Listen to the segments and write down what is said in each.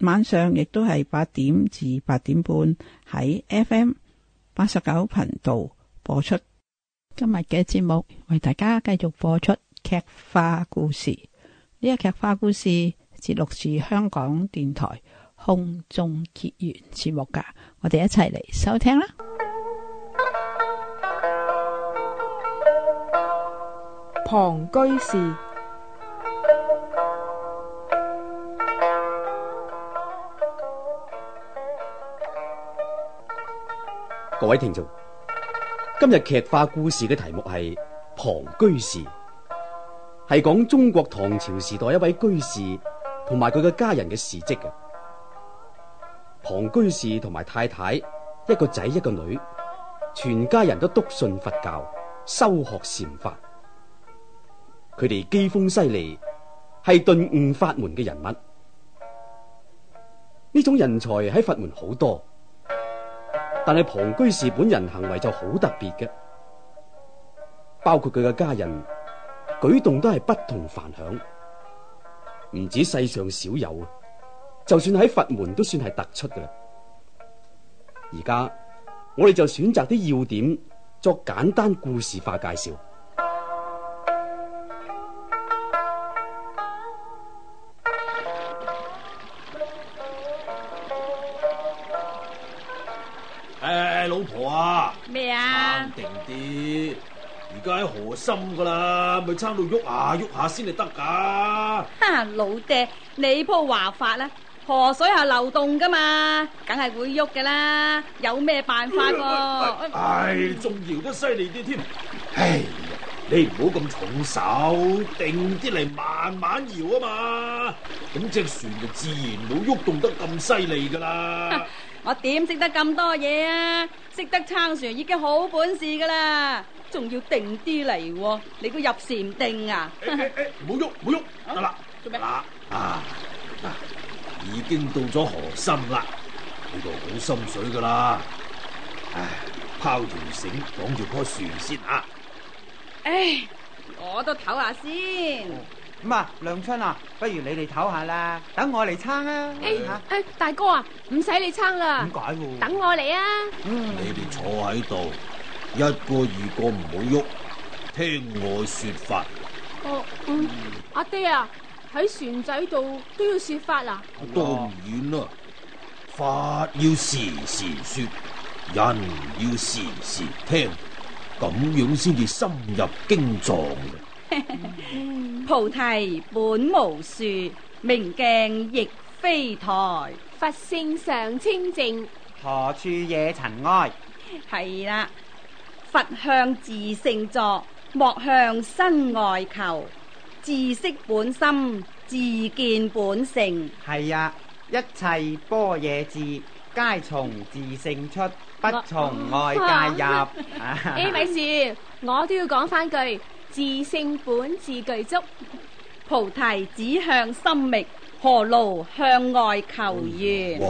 晚上亦都係八點至八點半喺 FM 八十九頻道播出今日嘅節目，為大家繼續播出劇化故事。呢、這個劇化故事節錄住香港電台空中結緣節目噶，我哋一齊嚟收聽啦。龐居士。各位聽眾，今日劇化故事嘅題目係龐居士，係講中國唐朝時代一位居士同埋佢嘅家人嘅事跡嘅。龐居士同埋太太一個仔一個女，全家人都篤信佛教，修學禪法。佢哋機鋒犀利，係頓悟法門嘅人物。呢種人才喺佛門好多。但係龐居士本人行為就好特別嘅，包括佢嘅家人舉動都係不同凡響，唔止世上少有，就算喺佛門都算係突出嘅啦。而家我哋就選擇啲要點作簡單故事化介紹。心噶啦，咪撐到喐下喐下先至得噶。哈，老爹，你鋪話法啦，河水係流動噶嘛，梗係會喐噶啦，有咩辦法？唉，仲搖得犀利啲添。哎呀，你唔好咁重手，定啲嚟慢慢搖啊嘛，咁隻船就自然冇喐動得咁犀利噶啦。我點識得咁多嘢啊？識得撐船已經好本事噶啦，仲要定啲嚟喎！你估入禪定啊？唔好喐，唔好喐，得啦。做咩？嗱，啊嗱、啊啊，已經到咗河心啦，呢度好深水噶啦，唉、啊，拋條繩綁住棵船先啊！唉、欸，我都唞下先。嗯咁啊，梁春啊，不如你哋唞下啦，等我嚟撐啊！哎、欸欸，大哥啊，唔使你撐啦，點解？等我嚟啊！嗯，你哋坐喺度，一個二個唔好喐，聽我說法。哦，嗯，阿爹啊，喺船仔度都要說法啦？當然啦、啊，法要時時說，人要時時聽，咁樣先至深入經藏。 菩提本無樹，明鏡亦非台。佛性上清淨，何處惹塵埃？係啦、 啊，佛向自性作，莫向身外求。自識本心，自見本性。係 啊，一切般若智，皆從自性出，不從外界入。呢位士，我都要講翻句。自性本自具足，菩提指向心覓，何勞向外求緣？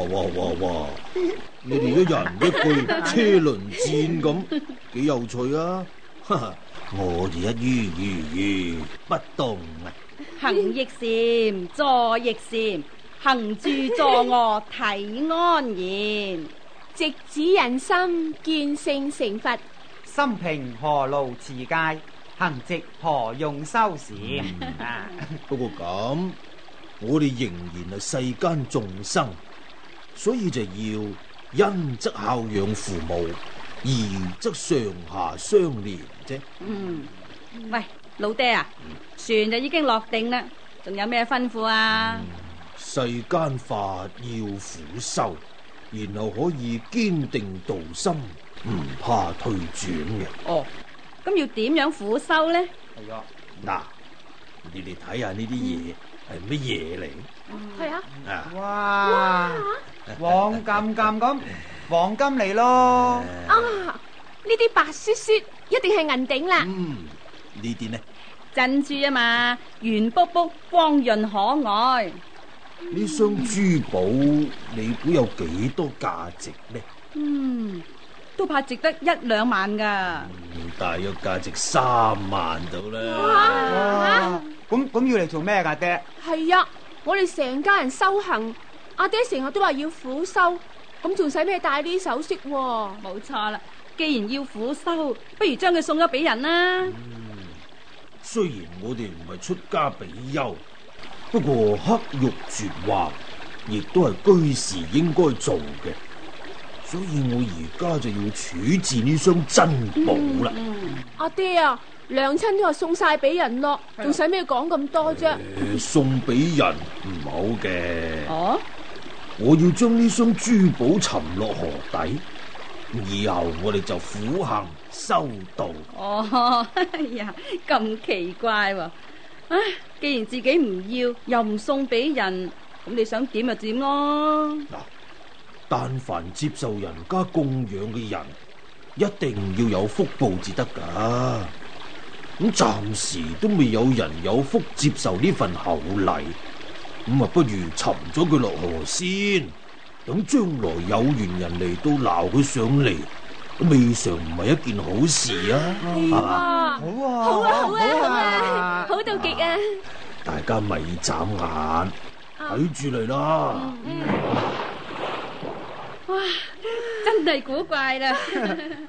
你哋一人一句，車輪戰咁，幾有趣啊！我哋一於如如不動啊！行亦善，坐亦善，行住坐臥體安然，直指人心，見性成佛，心平何勞持戒？行直何用修史？不過咁，我哋仍然係世間眾生，所以就要恩則孝養父母，義則上下相連啫。嗯，喂，老爹啊，船就已經落定啦，仲有咩吩咐啊？世間法要苦修，然後可以堅定道心，唔怕退轉嘅。哦。咁要點樣苦修呢？係啊，嗱，你哋睇下呢啲嘢係乜嘢嚟？係啊。啊，哇，黃金金咁，黃金嚟咯。啊，呢啲白雪雪一定係銀錠啦。嗯，呢啲呢？珍珠啊嘛，圓卜卜，光潤可愛。呢箱珠寶，你估有幾多價值呢？嗯。都怕值得一兩萬噶、嗯，大約價值三萬到啦。咁咁要嚟做咩噶，爹？係啊，我哋成家人修行，阿爹成日都話要苦修，咁仲使咩帶呢啲首飾、啊？冇錯啦，既然要苦修，不如將佢送咗俾人啦、嗯。雖然我哋唔係出家比丘，不過黑玉絕話，亦都係居士應該做嘅。所以我而家就要處置呢箱珍寶啦。阿、嗯嗯、爹啊，娘親都話送晒俾人咯，仲使咩講咁多啫、呃？送俾人唔好嘅。啊、哦！我要將呢箱珠寶沉落河底，以後我哋就苦行修道。哦、哎、呀，咁奇怪喎、啊！唉、哎，既然自己唔要，又唔送俾人，咁你想點就點咯、啊。嗱。但凡接受人家供養嘅人，一定要有福報至得㗎。咁暫時都未有人有福接受呢份厚禮，咁啊不如沉咗佢落河先。等將來有緣人嚟，都撈佢上嚟，未嘗唔係一件好事啊，啊？好啊！好啊！好啊！好啊！好到極啊！大家咪眨眼，睇住嚟啦！嗯嗯哇，真係古怪啦！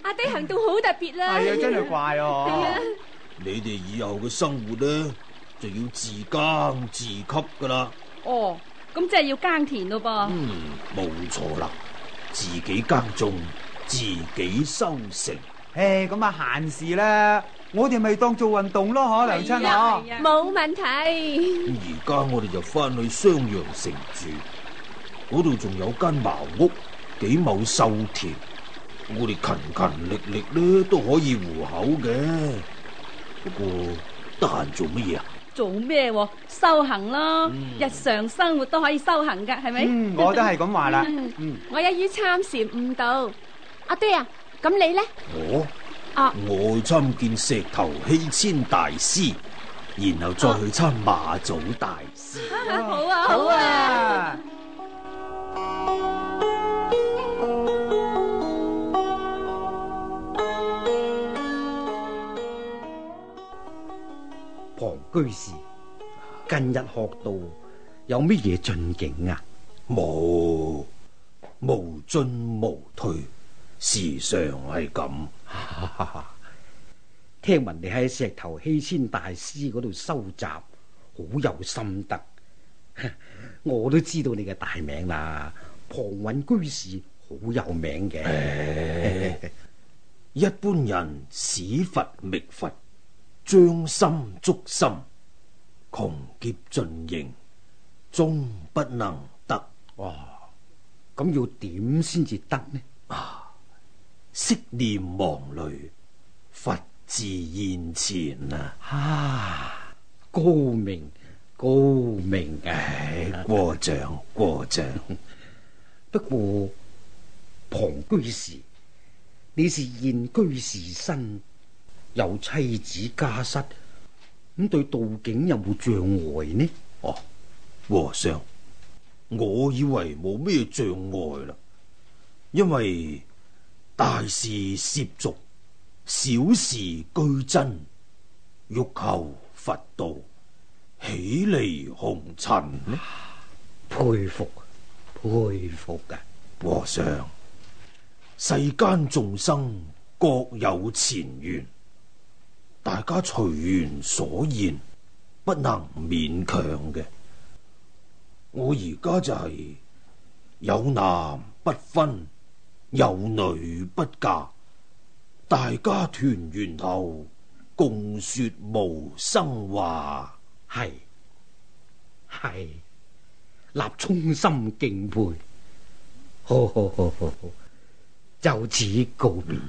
阿爹行動好特別啦。係啊，真係怪哦。啊，你哋以後嘅生活咧就要自耕自給噶啦。哦，咁即係要耕田咯噃。嗯，冇錯啦，自己耕種，自己收成。唉，咁啊閒時啦，我哋咪當做運動咯，嗬，娘親嗬，冇問題。咁而家我哋就翻去襄陽城住，嗰度仲有間茅屋。幾畝收田，我哋勤勤力力咧都可以糊口嘅。不過得閒做乜嘢？做咩？修行咯，嗯、日常生活都可以修行噶，係咪？我都係咁話啦。嗯，我一於參禪悟道。阿爹啊，咁你咧？我啊，我參見石頭希遷大師，然後再去參馬祖大師、啊。好啊，好啊。好啊，好啊。居士，近日學到有乜嘢進境啊？冇，無進無退，時常係咁。 聽聞你喺石頭希遷大師嗰度收集，好有心得。 我都知道你嘅大名啦，龐蘊居士好有名嘅， 一般人使佛覓佛。將心捉心，窮劫盡形，終不能得。哇！咁要點先至得呢？啊！息念忘累，佛自現前啊！啊！高明高明啊！過獎過獎。不過龐居士，你是現居士身。有妻子家室，咁對道境有冇障礙呢？哦、啊，和尚，我以為冇咩障礙啦，因為大事涉俗，小事俱真，欲求佛道，豈離紅塵，佩服佩服嘅、啊、和尚，世間眾生各有前緣。大家隨緣所言，不能勉強嘅。我而家就係、是、有男不分，有女不嫁，大家團圓後共說無生話，係係立衷心敬佩，好好好好好，就此告別。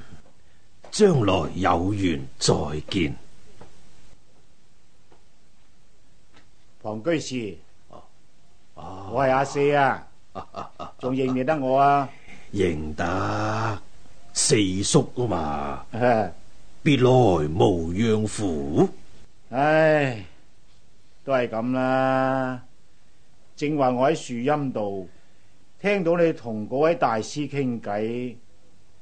將來有緣再見，龐居士，我係阿四啊，仲認唔認得我啊？認得四叔啊嘛，別來無恙乎？唉，都係咁啦，正話我喺樹蔭度聽到你同嗰位大師傾偈。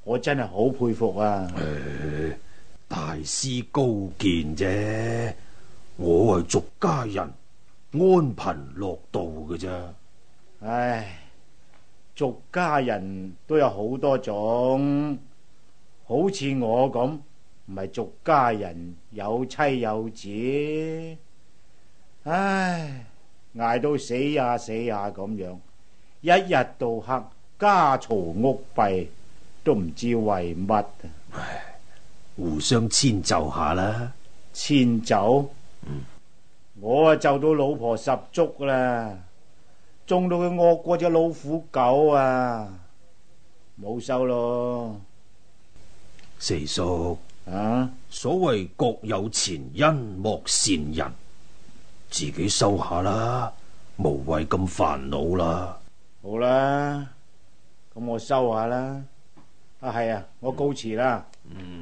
我真係好佩服啊！欸、大師高見啫，我係俗家人安貧樂道㗎咋。唉，俗家人都有好多種，好似我咁唔係俗家人，有妻有子，唉，捱到死呀死呀咁樣，一日到黑家嘈屋閉。都唔知為乜，唉，互相遷就下啦。遷就？嗯，我啊就到老婆十足啦，中到佢惡過隻老虎狗叔啊，冇收咯。四叔啊，所謂各有前因莫善人，自己收下啦，無謂咁煩惱啦。好啦，咁我收下啦。係啊，我告辭啦。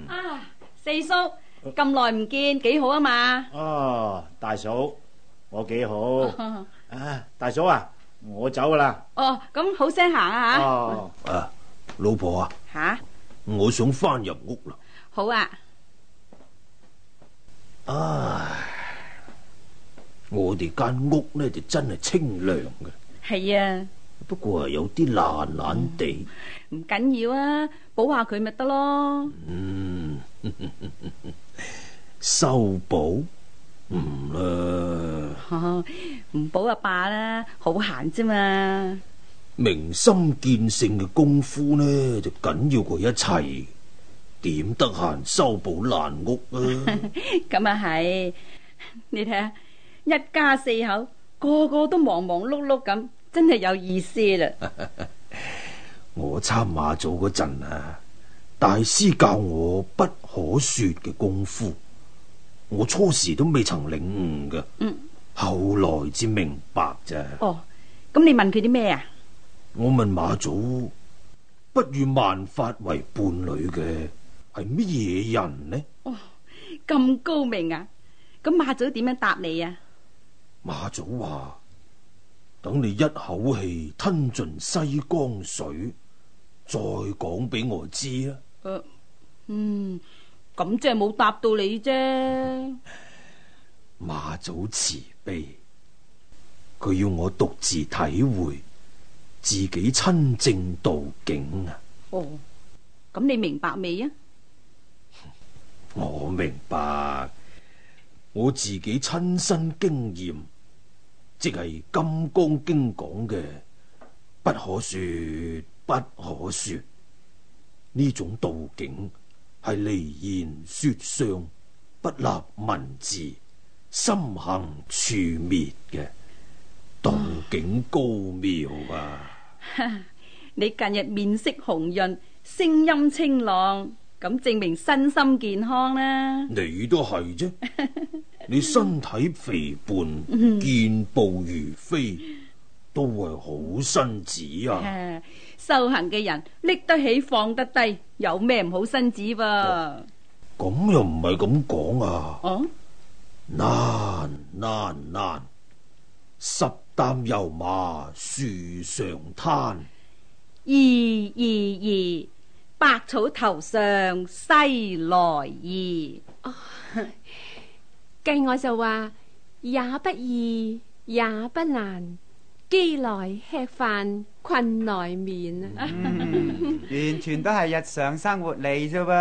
啊，四叔咁耐唔見，幾好啊嘛？哦，大嫂，我幾好。啊，大嫂啊，我走㗎啦。哦，咁好聲行啊吓。哦，誒，老婆啊。吓，我想翻入屋啦。好啊。啊，我哋間屋咧就真係清涼嘅。係啊。不過係有啲爛爛地，唔緊要啊，補下佢咪得咯。嗯，修補唔啦，唔補，哦，就罷啦，好閒啫嘛。明心見性嘅功夫呢，就緊要過一切，點得閒修補爛屋啊？咁啊係，你睇下，一家四口個，個個都忙忙碌碌咁。真係有意思啦！ 我參馬祖嗰陣啊，大師教我不可說嘅功夫，我初時都未曾領悟噶，後來至明白啫。哦，咁你問佢啲咩啊？我問馬祖，不與萬法為伴侶嘅係乜嘢人呢？哦，咁高明啊！咁馬祖點樣答你啊？馬祖話。等你一口氣吞盡西江水，再講俾我知啊！呃！嗯，咁即係冇答到你啫，嗯。馬祖慈悲，佢要我獨自體會自己親證道境啊！哦，咁你明白未啊？我明白，我自己親身經驗。即係《金剛經》講嘅，不可說不可說，呢種道境係離言說相，不立文字，心行處滅嘅，道境高妙啊！ 你近日面色紅潤，聲音清朗，咁證明身心健康啦、啊。你都係啫。 你身體肥胖，健步如飛，都係好身子啊，啊！修行嘅人拎得起放得低，有咩唔好身子噃？咁又唔係咁講啊！難難難，十擔油麻樹上攤，易易易，百草頭上西來意。哦計我就話，也不易，也不難，飢來吃飯，困來眠、 嗯、完全都係日常生活嚟啫噃，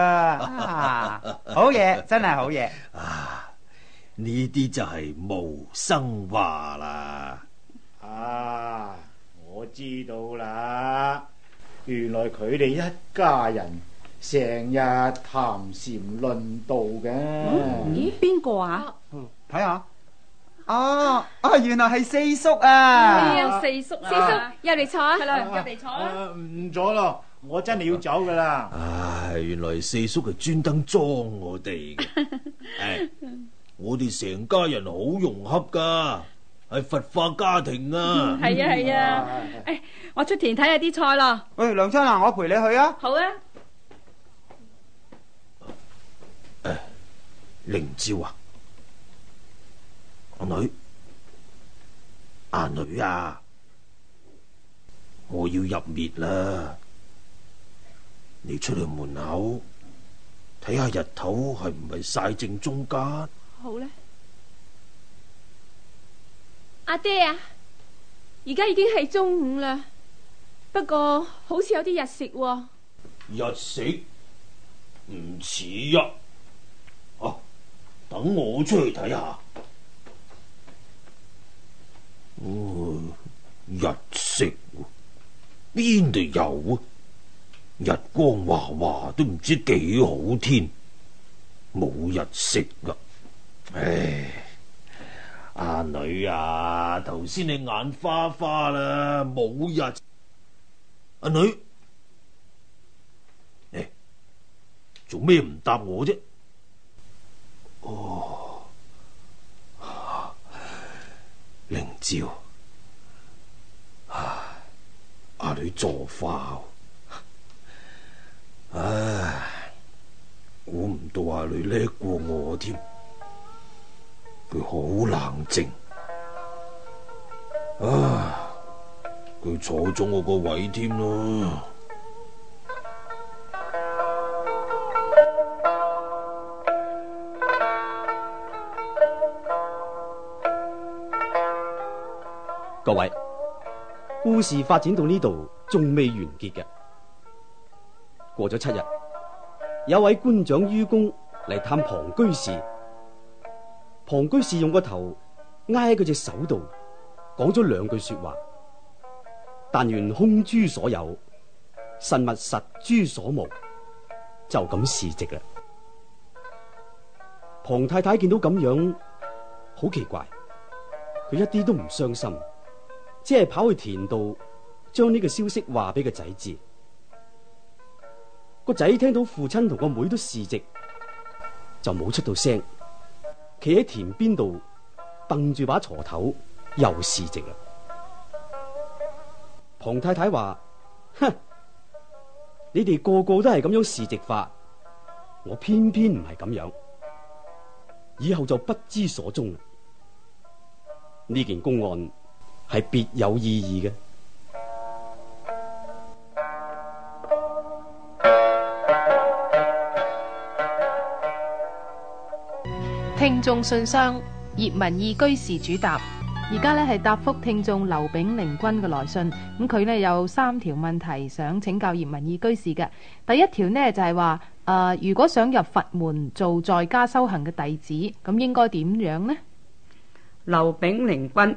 好嘢，真係好嘢啊！呢啲就係無生話啦。 啊，我知道啦，原來佢哋一家人。成日談禪論道嘅，咦？邊個啊？睇下，哦啊，原來係四叔啊！四叔，四叔入嚟坐啊，係啦，入嚟坐。唔咗咯，我真係要走噶啦。唉，原來四叔係專登裝我哋嘅。我哋成家人好融洽噶，喺佛化家庭啊。係啊係啊，誒，我出田睇下啲菜咯。喂，梁生啊，我陪你去啊。好啊。靈照啊！阿女，阿女啊！我要入滅啦！你出去門口睇下日頭係唔係曬正中間？好呢，阿爹啊！而家已經係中午啦，不過好似有啲日食喎、啊。日食唔似呀。等我出去睇下、嗯，日色？邊度有啊？日光華華，都唔知幾好天，冇日色㗎！唉，阿女啊，頭先你眼花花啦，冇日，阿女，唉、欸，做咩唔答我啫？哦，靈照啊，阿女坐化，唉，估唔到阿、啊、女叻過我添，佢好冷靜啊，佢坐咗我個位添咯。各位，故事發展到呢度仲未完結嘅。過咗七日，有位官長于公嚟探龐居士，龐居士用個頭挨喺佢隻手度，講咗兩句說話。但願空諸所有，慎勿實諸所無，就咁事席啦。龐太太見到咁樣，好奇怪，佢一啲都唔傷心。即係跑去田度，將呢個消息話俾個仔知。個仔聽到父親同個妹都事職，就冇出到聲，企喺田邊度瞪住把鋤頭又事職啦。龐太太話：哼，你哋個個都係咁樣事職法，我偏偏唔係咁樣，以後就不知所蹤啦。呢件公案。係別有意義嘅。聽眾信箱，葉文義居士主答。而家呢係答覆聽眾劉炳寧君嘅來信。咁佢呢有三條問題想請教葉文義居士嘅。第一條呢，就係話，誒，如果想入佛門做在家修行嘅弟子，咁應該點樣呢？劉炳寧君。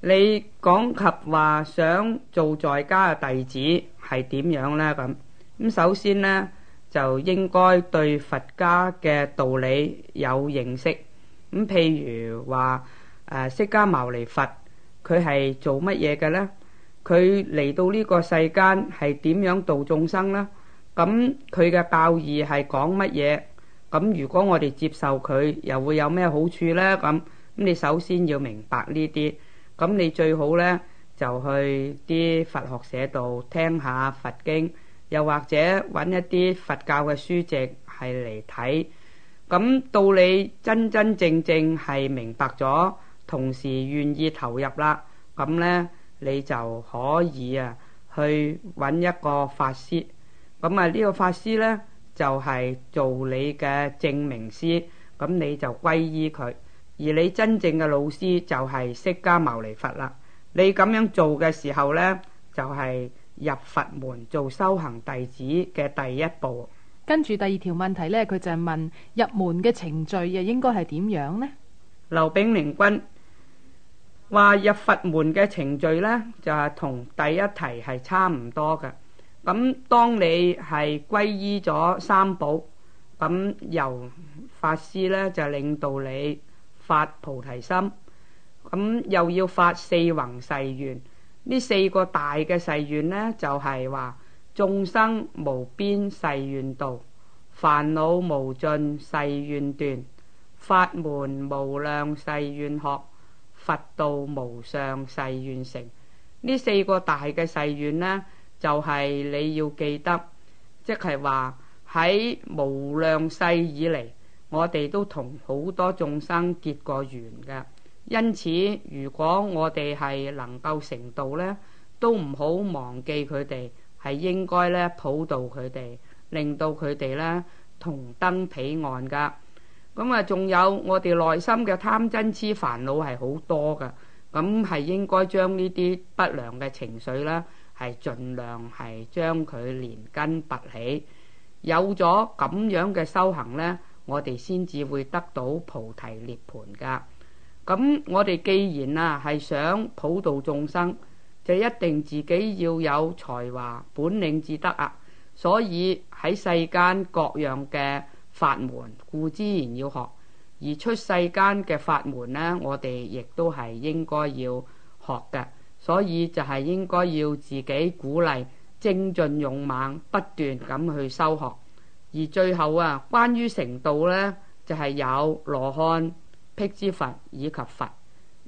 你講及話想做在家嘅弟子係點樣呢？咁咁首先呢，就應該對佛家嘅道理有認識。咁譬如話誒釋迦牟尼佛，佢係做乜嘢嘅呢？佢嚟到呢個世間係點樣度眾生呢？咁佢嘅教義係講乜嘢？咁如果我哋接受佢，又會有咩好處呢？咁咁你首先要明白呢啲。咁你最好呢，就去啲佛學社度聽下佛經，又或者揾一啲佛教嘅書籍係嚟睇。咁到你真真正正係明白咗，同時願意投入啦，咁呢，你就可以啊，去揾一個法師。咁啊，呢個法師呢，就係做你嘅證明師，咁你就皈依佢。而你真正嘅老師就係釋迦牟尼佛啦。你咁樣做嘅時候呢，就係入佛門做修行弟子嘅第一步。跟住第二條問題呢，佢就係問入門嘅程序又應該係點樣呢？劉炳寧君話入佛門嘅程序呢，就係同第一題係差唔多嘅。咁當你係皈依咗三寶，咁由法師呢就領導你。發菩提心，咁又要發四宏誓願。呢四個大嘅誓願呢，就係話眾生無邊誓願度，煩惱無盡誓願斷，法門無量誓願學，佛道無上誓願成。呢四個大嘅誓願呢，就係你要記得，即係話喺無量世以嚟。我哋都同好多眾生結過緣嘅，因此如果我哋係能夠成道呢，都唔好忘記佢哋，係應該呢，普渡佢哋，令到佢哋呢同登彼岸噶。咁、嗯、啊，仲有我哋內心嘅貪嗔痴煩惱係好多嘅，咁、嗯、係應該將呢啲不良嘅情緒呢，係盡量係將佢連根拔起。有咗咁樣嘅修行呢。我哋先至會得到菩提涅槃㗎。咁我哋既然啊係想普度眾生，就一定自己要有才華、本領至得啊。所以喺世間各樣嘅法門，固之然要學；而出世間嘅法門呢，我哋亦都係應該要學嘅。所以就係應該要自己鼓勵、精進、勇猛，不斷咁去修學。而最後啊，關於成道呢，就係有羅漢、辟支佛以及佛。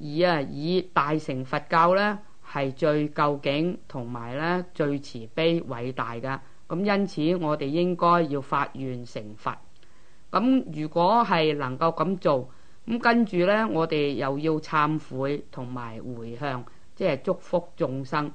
以啊，以大乘佛教呢，係最究竟同埋呢最慈悲偉大噶。咁因此，我哋應該要發願成佛。咁如果係能夠咁做，咁跟住呢，我哋又要懺悔同埋回向，即係祝福眾生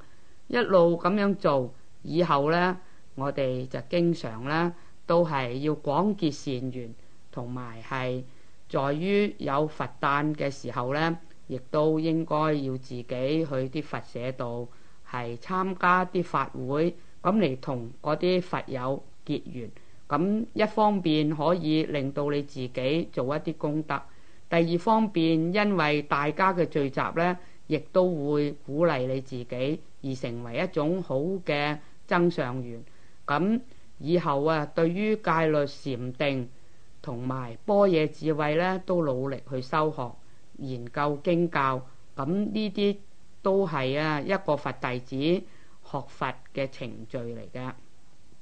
一路咁樣做。以後呢，我哋就經常呢。都係要廣結善緣，同埋係在於有佛誕嘅時候呢，亦都應該要自己去啲佛社度，係參加啲法會，咁嚟同嗰啲佛友結緣。咁一方面可以令到你自己做一啲功德，第二方面因為大家嘅聚集呢，亦都會鼓勵你自己而成為一種好嘅增上緣。咁以後啊，對於戒律、禪定同埋般若智慧咧，都努力去修學、研究經教。咁呢啲都係啊一個佛弟子學佛嘅程序嚟嘅。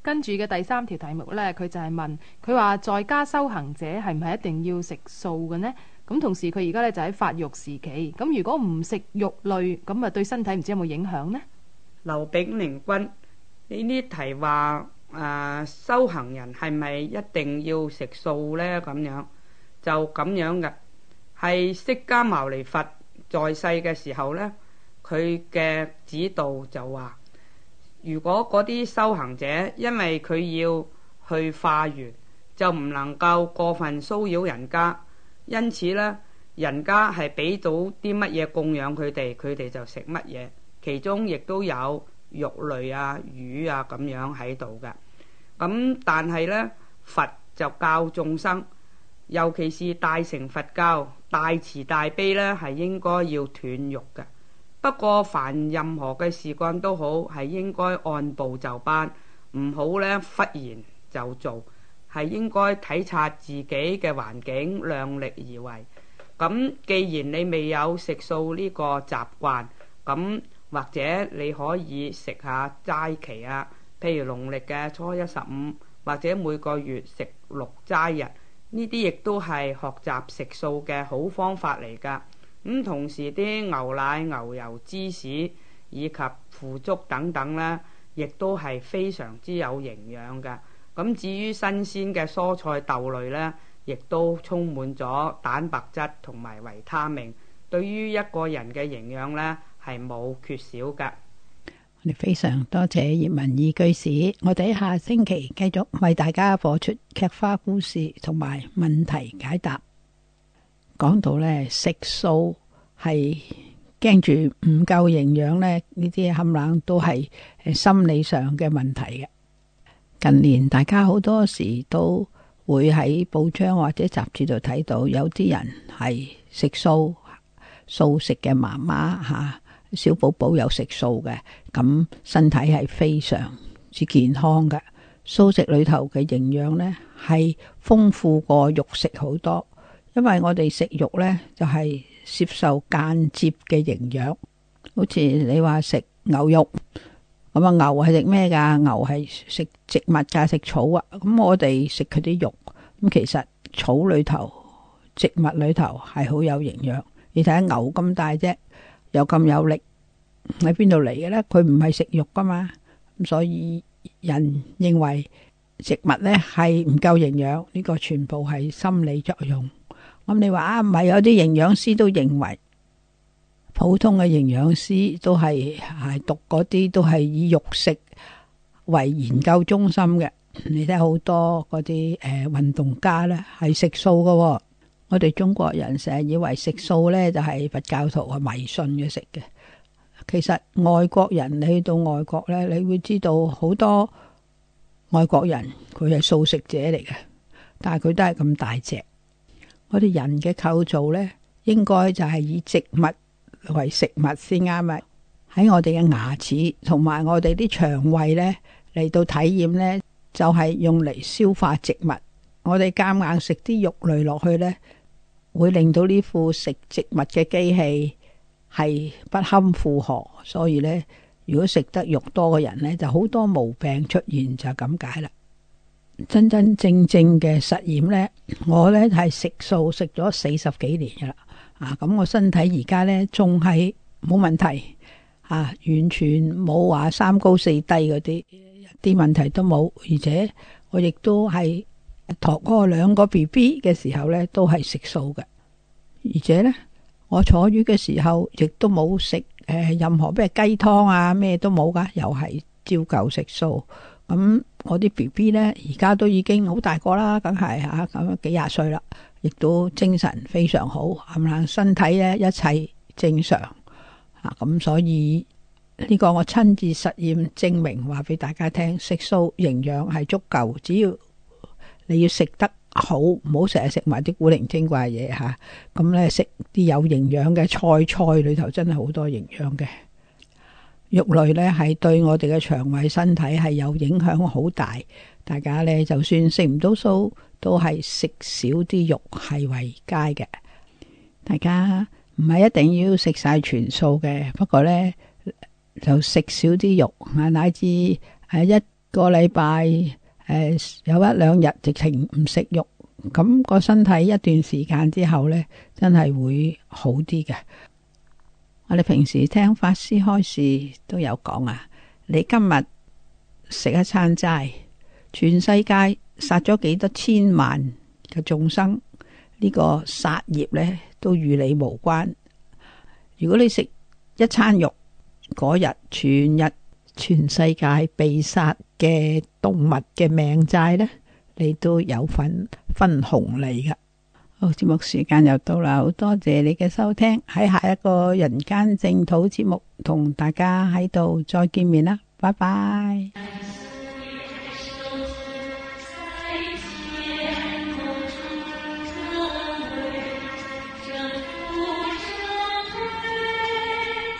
跟住嘅第三條題目呢，佢就係問佢話在家修行者係唔係一定要食素嘅呢？咁同時佢而家呢就喺發育時期，咁如果唔食肉類，咁啊對身體唔知有冇影響呢？劉炳寧君，你呢題話？誒、呃，修行人係咪一定要食素呢？咁樣就咁樣嘅，係釋迦牟尼佛在世嘅時候呢，佢嘅指導就話：如果嗰啲修行者因為佢要去化緣，就唔能夠過分騷擾人家，因此呢，人家係俾到啲乜嘢供養佢哋，佢哋就食乜嘢，其中亦都有肉類啊、魚啊咁樣喺度嘅。咁但係呢，佛就教眾生，尤其是大乘佛教、大慈大悲呢，係應該要斷肉嘅。不過，凡任何嘅事幹都好，係應該按部就班，唔好呢忽然就做，係應該體察自己嘅環境，量力而為。咁既然你未有食素呢個習慣，咁或者你可以食下齋期啊。譬如農曆嘅初一十五，或者每個月食六齋日，呢啲亦都係學習食素嘅好方法嚟㗎。咁同時啲牛奶、牛油、芝士以及腐竹等等呢，亦都係非常之有營養㗎。咁至於新鮮嘅蔬菜豆類呢，亦都充滿咗蛋白質同埋維他命，對於一個人嘅營養呢，係冇缺少㗎。非常多謝葉文義居士，我哋下星期繼續為大家播出劇花故事同埋問題解答。講到呢，食素係驚住唔夠營養呢，呢啲冚冷都係心理上嘅問題嘅。近年大家好多時都會喺報章或者雜誌度睇到有啲人係食素、素食嘅媽媽吓。啊小寶寶有食素嘅，咁身體係非常之健康嘅。素食裏頭嘅營養呢係豐富過肉食好多。因為我哋食肉呢就係、是、接受間接嘅營養。好似你話食牛肉，咁啊牛係食咩噶？牛係食植物噶，食草啊。咁我哋食佢啲肉，咁其實草裏頭、植物裏頭係好有營養。你睇下牛咁大啫。有咁有力喺邊度嚟嘅呢？佢唔係食肉噶嘛咁所以人認為食物呢係唔夠營養，呢個全部係心理作用。咁你話啊，唔係有啲營養師都認為，普通嘅營養師都係係讀嗰啲都係以肉食為研究中心嘅。你睇好多嗰啲誒運動家呢係食素噶喎我哋中國人成日以為食素呢就係佛教徒啊、迷信嘅食嘅，其實外國人去到外國呢，你會知道好多外國人佢係素食者嚟嘅，但係佢都係咁大隻。我哋人嘅構造呢，應該就係以植物為食物先啱啊！喺我哋嘅牙齒同埋我哋啲腸胃呢，嚟到體驗呢，就係用嚟消化植物。我哋夾硬食啲肉類落去呢。會令到呢副食植物嘅機器係不堪負荷，所以呢，如果食得肉多嘅人呢，就好多毛病出現，就咁解啦。真真正正嘅實驗呢，我呢係食素食咗四十幾年噶啦，啊咁我身體而家呢，仲係冇問題，吓、啊、完全冇話三高四低嗰啲，啲問題都冇，而且我亦都係。托嗰個兩個 B B 嘅時候呢都係食素嘅，而且呢，我坐月嘅時候亦都冇食誒任何雞湯、啊，咩如雞湯啊咩都冇噶又係照舊食素。咁、嗯、我啲 B B 呢，而家都已經好大個啦，梗係吓咁幾廿歲啦，亦都精神非常好，係、嗯、咪啊？身體呢，一切正常啊，咁、嗯、所以呢、這個我親自實驗證明，話俾大家聽，食素營養係足夠，只要。你要食得好，唔好成日食埋啲古靈精怪嘢吓，咁呢，食啲有營養嘅菜，菜裏頭真係好多營養嘅。肉類呢係對我哋嘅腸胃身體係有影響好大。大家呢，就算食唔到素，都係食少啲肉係為佳嘅。大家唔係一定要食晒全素嘅，不過呢，就食少啲肉啊，乃至一個禮拜。誒，有一兩日直情唔食肉，咁個身體一段時間之後呢，真係會好啲嘅。我哋平時聽法師開示都有講啊，你今日食一餐齋，全世界殺咗幾多千萬嘅眾生，呢個殺業呢都與你無關。如果你食一餐肉嗰日，全日。全世界被殺嘅動物嘅命債呢，你都有份分紅利㗎。好，節目時間又到啦，好多謝你嘅收聽，喺下一個人間淨土節目同大家喺度再見面啦，拜拜。